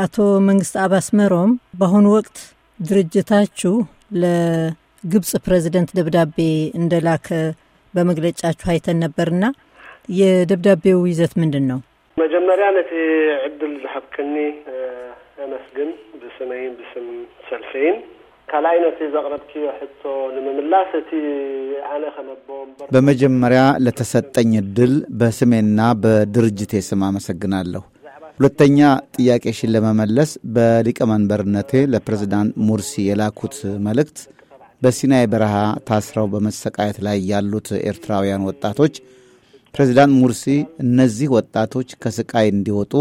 አቶ መንግስት አብ አስመሮም በአሁኑ ወቅት ድርጅታችሁ ለግብፅ ፕሬዚደንት ደብዳቤ እንደላከ በመግለጫችሁ አይተን ነበርና የደብዳቤው ይዘት ምንድን ነው? መጀመሪያ ነቲ ዕድል ዝሓብክኒ አመስግን ብስመይን ብስም ሰልፈይን ካልኣይ ነቲ ዘቕረብክዮ ሕቶ ንምምላስ እቲ ኣነ ከመቦ በመጀመሪያ ለተሰጠኝ ዕድል በስሜና በድርጅቴ ስም አመሰግናለሁ። ሁለተኛ ጥያቄሽን ለመመለስ በሊቀመንበርነቴ ለፕሬዝዳንት ሙርሲ የላኩት መልእክት በሲናይ በረሃ ታስረው በመሰቃየት ላይ ያሉት ኤርትራውያን ወጣቶች ፕሬዝዳንት ሙርሲ እነዚህ ወጣቶች ከስቃይ እንዲወጡ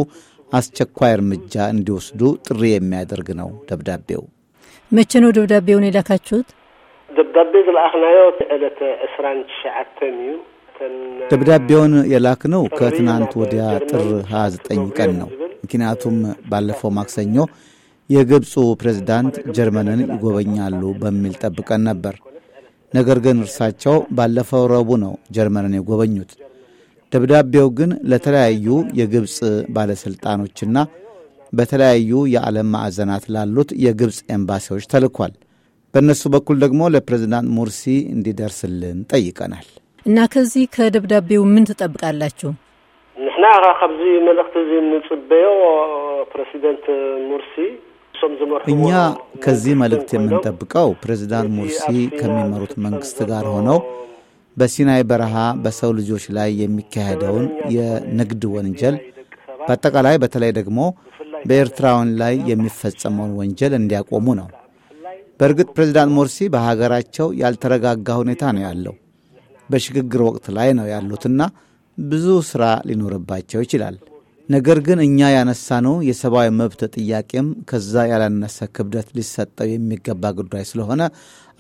አስቸኳይ እርምጃ እንዲወስዱ ጥሪ የሚያደርግ ነው ደብዳቤው። መቼ ነው ደብዳቤውን የላካችሁት? ደብዳቤ ዝለኣኽናዮ ዕለት ዕስራን ትሸዓተን እዩ ደብዳቤውን የላክነው ከትናንት ወዲያ ጥር 29 ቀን ነው። ምክንያቱም ባለፈው ማክሰኞ የግብፁ ፕሬዝዳንት ጀርመንን ይጎበኛሉ በሚል ጠብቀን ነበር። ነገር ግን እርሳቸው ባለፈው ረቡዕ ነው ጀርመንን የጎበኙት። ደብዳቤው ግን ለተለያዩ የግብፅ ባለሥልጣኖችና በተለያዩ የዓለም ማዕዘናት ላሉት የግብፅ ኤምባሲዎች ተልኳል። በእነሱ በኩል ደግሞ ለፕሬዝዳንት ሙርሲ እንዲደርስልን ጠይቀናል። እና ከዚህ ከደብዳቤው ምን ትጠብቃላችሁ? ንሕና ካብዚ መልእክቲ እዚ ንፅበዮ ፕሬዚደንት ሙርሲ እኛ ከዚህ መልእክት የምንጠብቀው ፕሬዚዳንት ሙርሲ ከሚመሩት መንግስት ጋር ሆነው በሲናይ በረሃ በሰው ልጆች ላይ የሚካሄደውን የንግድ ወንጀል በአጠቃላይ በተለይ ደግሞ በኤርትራውያን ላይ የሚፈጸመውን ወንጀል እንዲያቆሙ ነው። በእርግጥ ፕሬዚዳንት ሙርሲ በሀገራቸው ያልተረጋጋ ሁኔታ ነው ያለው። በሽግግር ወቅት ላይ ነው ያሉትና ብዙ ሥራ ሊኖርባቸው ይችላል። ነገር ግን እኛ ያነሳነው የሰብአዊ መብት ጥያቄም ከዛ ያላነሰ ክብደት ሊሰጠው የሚገባ ጉዳይ ስለሆነ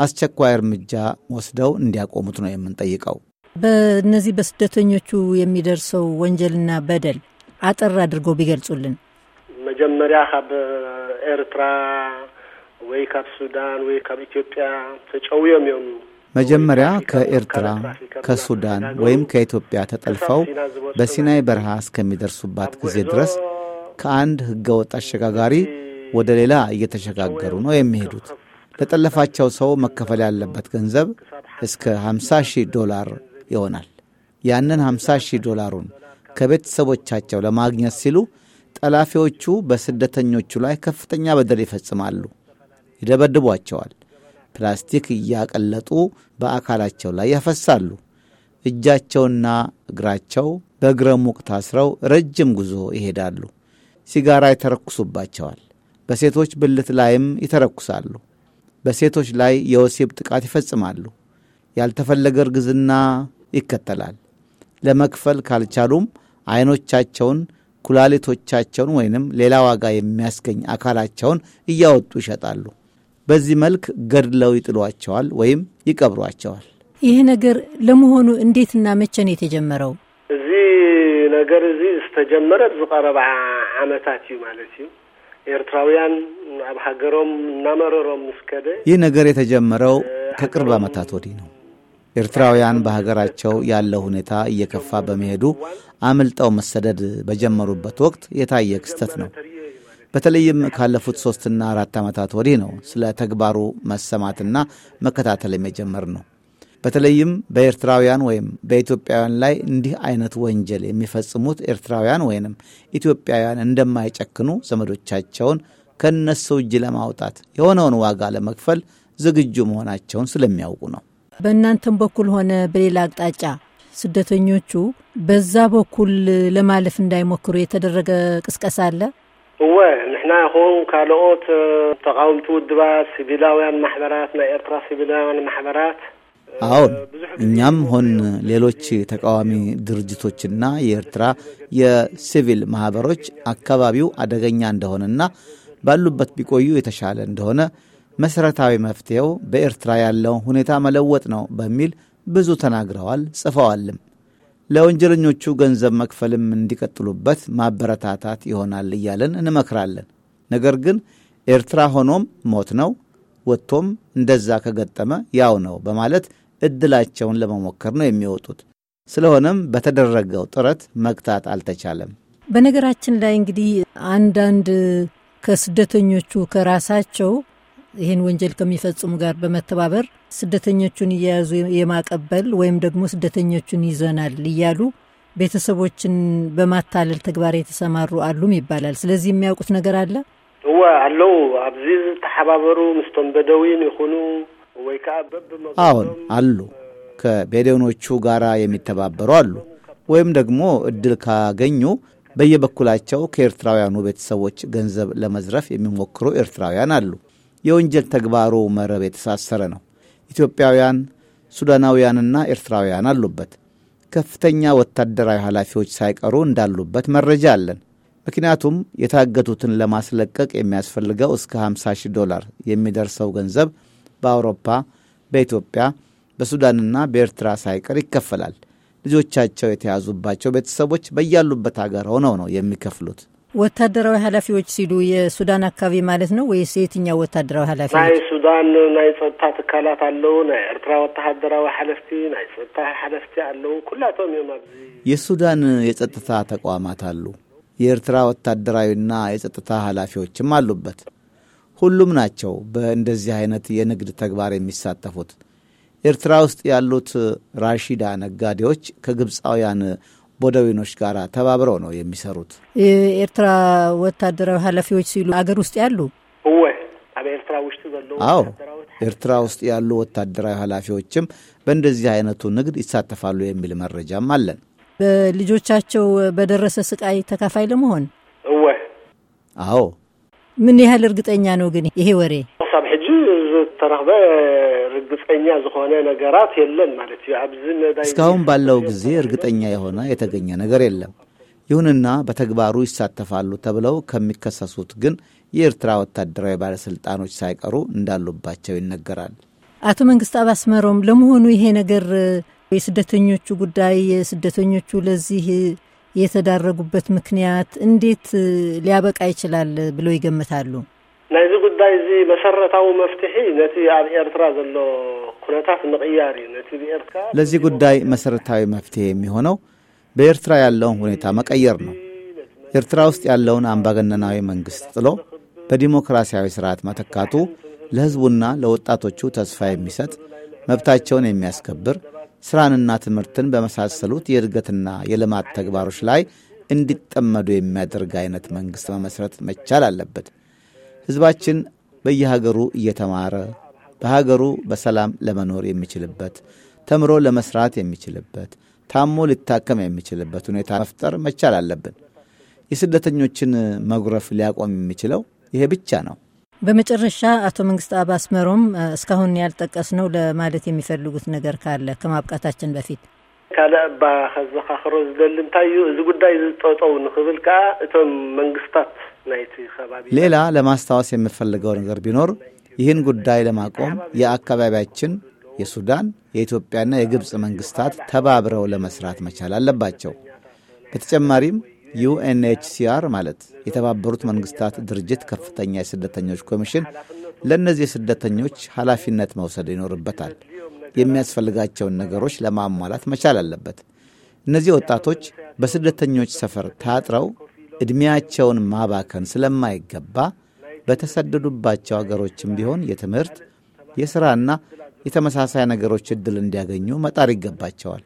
አስቸኳይ እርምጃ ወስደው እንዲያቆሙት ነው የምንጠይቀው። በእነዚህ በስደተኞቹ የሚደርሰው ወንጀልና በደል አጠር አድርገው ቢገልጹልን። መጀመሪያ ካብ ኤርትራ ወይ ካብ ሱዳን ወይ ካብ ኢትዮጵያ ተጨውዮም መጀመሪያ ከኤርትራ፣ ከሱዳን ወይም ከኢትዮጵያ ተጠልፈው በሲናይ በረሃ እስከሚደርሱባት ጊዜ ድረስ ከአንድ ሕገወጥ አሸጋጋሪ ወደ ሌላ እየተሸጋገሩ ነው የሚሄዱት። ለጠለፋቸው ሰው መከፈል ያለበት ገንዘብ እስከ 50 ሺህ ዶላር ይሆናል። ያንን 50 ሺህ ዶላሩን ከቤተሰቦቻቸው ለማግኘት ሲሉ ጠላፊዎቹ በስደተኞቹ ላይ ከፍተኛ በደል ይፈጽማሉ፣ ይደበድቧቸዋል። ፕላስቲክ እያቀለጡ በአካላቸው ላይ ያፈሳሉ። እጃቸውና እግራቸው በእግረ ሙቅ ታስረው ረጅም ጉዞ ይሄዳሉ። ሲጋራ ይተረኩሱባቸዋል። በሴቶች ብልት ላይም ይተረኩሳሉ። በሴቶች ላይ የወሲብ ጥቃት ይፈጽማሉ። ያልተፈለገ እርግዝና ይከተላል። ለመክፈል ካልቻሉም አይኖቻቸውን፣ ኩላሊቶቻቸውን ወይንም ሌላ ዋጋ የሚያስገኝ አካላቸውን እያወጡ ይሸጣሉ። በዚህ መልክ ገድለው ይጥሏቸዋል ወይም ይቀብሯቸዋል። ይህ ነገር ለመሆኑ እንዴትና መቼ ነው የተጀመረው? እዚህ ነገር እዚ ዝተጀመረ ዝቀረባ ዓመታት እዩ ማለት እዩ ኤርትራውያን ኣብ ሃገሮም እናመረሮም ምስከደ ይህ ነገር የተጀመረው ከቅርብ ዓመታት ወዲህ ነው። ኤርትራውያን በሀገራቸው ያለው ሁኔታ እየከፋ በመሄዱ አምልጠው መሰደድ በጀመሩበት ወቅት የታየ ክስተት ነው። በተለይም ካለፉት ሶስትና አራት ዓመታት ወዲህ ነው ስለ ተግባሩ መሰማትና መከታተል የጀመር ነው። በተለይም በኤርትራውያን ወይም በኢትዮጵያውያን ላይ እንዲህ አይነት ወንጀል የሚፈጽሙት ኤርትራውያን ወይንም ኢትዮጵያውያን እንደማይጨክኑ ዘመዶቻቸውን ከእነሱ እጅ ለማውጣት የሆነውን ዋጋ ለመክፈል ዝግጁ መሆናቸውን ስለሚያውቁ ነው። በእናንተም በኩል ሆነ በሌላ አቅጣጫ ስደተኞቹ በዛ በኩል ለማለፍ እንዳይሞክሩ የተደረገ ቅስቀሳ አለ። እወ ንሕና ይኹን ካልኦት ተቃውምቲ ውድባት ሲቪላውያን ማሕበራት ናይ ኤርትራ ሲቪላውያን ማሕበራት አሁን እኛም ሆን ሌሎች ተቃዋሚ ድርጅቶችና የኤርትራ የሲቪል ማኅበሮች አካባቢው አደገኛ እንደሆነና ባሉበት ቢቆዩ የተሻለ እንደሆነ መሠረታዊ መፍትሔው በኤርትራ ያለውን ሁኔታ መለወጥ ነው በሚል ብዙ ተናግረዋል ጽፈዋልም። ለወንጀለኞቹ ገንዘብ መክፈልም እንዲቀጥሉበት ማበረታታት ይሆናል እያለን እንመክራለን። ነገር ግን ኤርትራ ሆኖም ሞት ነው፣ ወጥቶም እንደዛ ከገጠመ ያው ነው በማለት እድላቸውን ለመሞከር ነው የሚወጡት። ስለሆነም በተደረገው ጥረት መግታት አልተቻለም። በነገራችን ላይ እንግዲህ አንዳንድ ከስደተኞቹ ከራሳቸው ይህን ወንጀል ከሚፈጽሙ ጋር በመተባበር ስደተኞቹን እየያዙ የማቀበል ወይም ደግሞ ስደተኞቹን ይዘናል እያሉ ቤተሰቦችን በማታለል ተግባር የተሰማሩ አሉም ይባላል። ስለዚህ የሚያውቁት ነገር አለ እወ አለው አብዚ ተሓባበሩ ምስቶም በደዊን ይኹኑ ወይ ከዓ አሁን አሉ። ከቤደኖቹ ጋር የሚተባበሩ አሉ። ወይም ደግሞ እድል ካገኙ በየበኩላቸው ከኤርትራውያኑ ቤተሰቦች ገንዘብ ለመዝረፍ የሚሞክሩ ኤርትራውያን አሉ። የወንጀል ተግባሩ መረብ የተሳሰረ ነው። ኢትዮጵያውያን፣ ሱዳናውያንና ኤርትራውያን አሉበት። ከፍተኛ ወታደራዊ ኃላፊዎች ሳይቀሩ እንዳሉበት መረጃ አለን። ምክንያቱም የታገቱትን ለማስለቀቅ የሚያስፈልገው እስከ 50 ሺህ ዶላር የሚደርሰው ገንዘብ በአውሮፓ፣ በኢትዮጵያ፣ በሱዳንና በኤርትራ ሳይቀር ይከፈላል። ልጆቻቸው የተያዙባቸው ቤተሰቦች በያሉበት አገር ሆነው ነው የሚከፍሉት። ወታደራዊ ኃላፊዎች ሲሉ የሱዳን አካባቢ ማለት ነው ወይስ የትኛው ወታደራዊ ኃላፊ? ናይ ሱዳን ናይ ፀጥታ ትካላት አለው፣ ናይ ኤርትራ ወታደራዊ ሓለፍቲ፣ ናይ ፀጥታ ሓለፍቲ አለው። ኩላቶም እዮም ኣብዚ የሱዳን የጸጥታ ተቋማት አሉ። የኤርትራ ወታደራዊና የጸጥታ ኃላፊዎችም አሉበት። ሁሉም ናቸው በእንደዚህ አይነት የንግድ ተግባር የሚሳተፉት። ኤርትራ ውስጥ ያሉት ራሺዳ ነጋዴዎች ከግብፃውያን ቦደዊኖች ጋር ተባብረው ነው የሚሰሩት። የኤርትራ ወታደራዊ ኃላፊዎች ሲሉ አገር ውስጥ ያሉ አዎ፣ ኤርትራ ውስጥ ያሉ ወታደራዊ ኃላፊዎችም በእንደዚህ አይነቱ ንግድ ይሳተፋሉ የሚል መረጃም አለን። በልጆቻቸው በደረሰ ስቃይ ተካፋይ ለመሆን አዎ። ምን ያህል እርግጠኛ ነው ግን ይሄ ወሬ ክሳብ ሕጂ ዝተረኽበ ርግፀኛ ዝኾነ ነገራት የለን ማለት እዩ። ኣብዚ እስካሁን ባለው ጊዜ እርግጠኛ የሆነ የተገኘ ነገር የለም። ይሁንና በተግባሩ ይሳተፋሉ ተብለው ከሚከሰሱት ግን የኤርትራ ወታደራዊ ባለስልጣኖች ሳይቀሩ እንዳሉባቸው ይነገራል። አቶ መንግስት ኣብ አስመሮም፣ ለመሆኑ ይሄ ነገር የስደተኞቹ ጉዳይ የስደተኞቹ ለዚህ የተዳረጉበት ምክንያት እንዴት ሊያበቃ ይችላል ብለው ይገምታሉ? ጉዳይ እዚ መሰረታዊ መፍትሒ ነቲ ኣብ ኤርትራ ዘሎ ኩነታት ምቕያር እዩ ነቲ ብኤርትራ ለዚ ጉዳይ መሰረታዊ መፍትሄ የሚሆነው በኤርትራ ያለውን ሁኔታ መቀየር ነው። ኤርትራ ውስጥ ያለውን አምባገነናዊ መንግሥት ጥሎ በዲሞክራሲያዊ ስርዓት መተካቱ ለሕዝቡና ለወጣቶቹ ተስፋ የሚሰጥ መብታቸውን የሚያስከብር ሥራንና ትምህርትን በመሳሰሉት የእድገትና የልማት ተግባሮች ላይ እንዲጠመዱ የሚያደርግ አይነት መንግሥት መመስረት መቻል አለበት። ሕዝባችን በየሀገሩ እየተማረ በሀገሩ በሰላም ለመኖር የሚችልበት ተምሮ ለመስራት የሚችልበት ታሞ ሊታከም የሚችልበት ሁኔታ መፍጠር መቻል አለብን። የስደተኞችን መጉረፍ ሊያቆም የሚችለው ይሄ ብቻ ነው። በመጨረሻ አቶ መንግስት አብ አስመሮም እስካሁን ያልጠቀስነው ለማለት የሚፈልጉት ነገር ካለ ከማብቃታችን በፊት ካልእ ባ ከዘኻኽሮ ዝደሊ እንታይ እዩ እዚ ጉዳይ ዝጠጠው ንክብል ከዓ እቶም መንግስታት ሌላ ለማስታወስ የምፈልገው ነገር ቢኖር ይህን ጉዳይ ለማቆም የአካባቢያችን የሱዳን የኢትዮጵያና የግብፅ መንግስታት ተባብረው ለመስራት መቻል አለባቸው። በተጨማሪም ዩኤንኤችሲአር ማለት የተባበሩት መንግስታት ድርጅት ከፍተኛ የስደተኞች ኮሚሽን ለእነዚህ ስደተኞች ኃላፊነት መውሰድ ይኖርበታል። የሚያስፈልጋቸውን ነገሮች ለማሟላት መቻል አለበት። እነዚህ ወጣቶች በስደተኞች ሰፈር ታጥረው ዕድሜያቸውን ማባከን ስለማይገባ በተሰደዱባቸው አገሮችም ቢሆን የትምህርት የሥራና የተመሳሳይ ነገሮች ዕድል እንዲያገኙ መጣር ይገባቸዋል።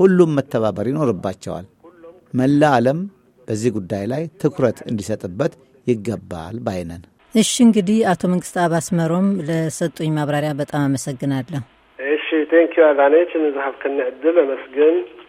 ሁሉም መተባበር ይኖርባቸዋል። መላ ዓለም በዚህ ጉዳይ ላይ ትኩረት እንዲሰጥበት ይገባል ባይነን። እሺ እንግዲህ አቶ መንግስት አብ አስመሮም ለሰጡኝ ማብራሪያ በጣም አመሰግናለሁ። እሺ ቴንኪዩ አዳነች። ንዛሀብ ክነ ዕድል አመስግን